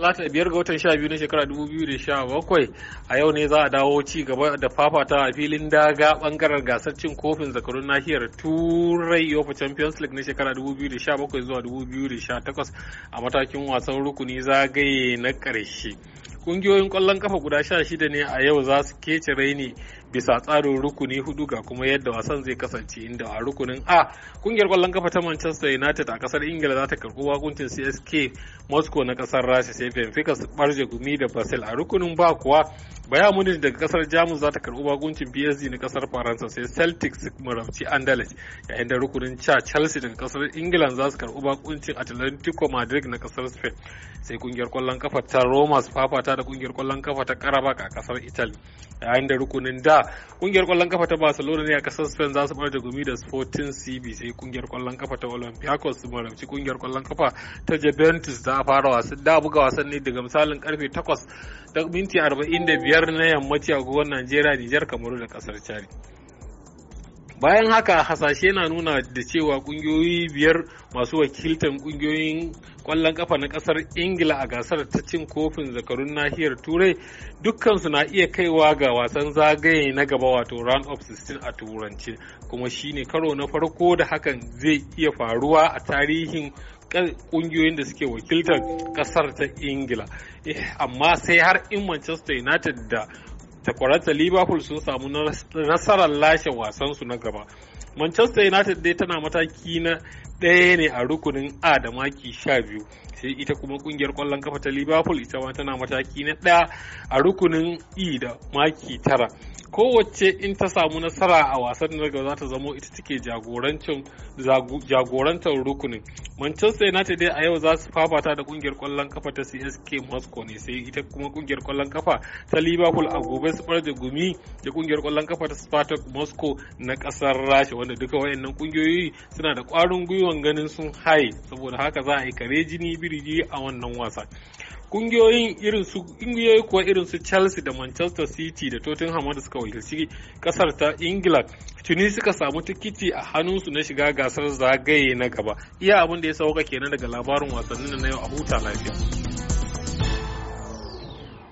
talata biyar ga watan sha biyu na shekara dubu biyu da sha bakwai a yau ne za a dawo ci gaba da fafata a filin daga bangaren gasar cin kofin zakarun nahiyar turai yofa champions league na shekara dubu biyu da sha bakwai zuwa dubu biyu da sha takwas a matakin wasan rukuni zagaye na karshe kungiyoyin kwallon kafa guda sha shida ne a yau za su kece raini bisa tsarin rukuni hudu ga kuma yadda wasan zai kasance inda a rukunin a kungiyar kwallon kafa ta manchester united a kasar ingila za ta karbi wakuncin csk moscow na kasar rasha sai benfica su barje gumi da basel a rukunin ba kuwa bayan munich daga kasar jamus za ta karbi wakuncin psg na kasar faransa sai celtic su marabci andalus yayin da rukunin cha chelsea daga kasar england za su karbi wakuncin atlantico madrid na kasar spain sai kungiyar kwallon kafa ta roma su fafata da kungiyar kwallon kafa ta karabak a kasar italy yayin da rukunin da kungiyar kwallon kafa ta barcelona ne a kasar spain za su bar da gumi da sporting cb sai kungiyar kwallon kafa ta olympiacos su marabci kungiyar kwallon kafa ta juventus ta fara wasan da buga wasan ne daga misalin karfe 8 da minti 45 na yammaci a gogon najeriya nijar kamaru da kasar chari bayan haka hasashe na nuna da cewa kungiyoyi biyar masu wakiltar kungiyoyin kwallon kafa na kasar ingila a gasar ta cin kofin zakarun nahiyar turai dukkansu na iya kaiwa ga wasan zagaye na gaba wato round of 16 a turanci kuma shine karo na farko da hakan zai iya faruwa a tarihin kungiyoyin da suke wakiltar kasar ta ingila eh, amma sai har in manchester united da ta liverpool sun samu nasarar lashe wasansu na gaba manchester united dai tana mataki na ɗaya ne a rukunin a da maki sha biyu sai ita kuma kungiyar kwallon kafa ta liverpool ita ma tana mataki na ɗaya a rukunin e da maki tara kowace in ta samu nasara a wasan daga za ta zamo ita take jagorantar rukunin manchester united dai a yau za su fafata da kungiyar kwallon kafa ta csk moscow ne sai ita kuma kungiyar kwallon kafa ta liverpool a gobe su da gumi da kungiyar kwallon kafa ta spartak moscow na kasar rasha wanda duka wayannan kungiyoyi suna da kwarin gwiwan ganin sun haye saboda haka za a yi kare jini birji a wannan wasa kungiyoyin irin su kungiyoyi kuwa irin su Chelsea da Manchester City da Tottenham da suka wakilci kasar ta Ingila tuni suka samu tikiti a hannunsu na shiga gasar zagaye na gaba iya abin da ya sauka kenan daga labarin wasannin na yau a huta lafiya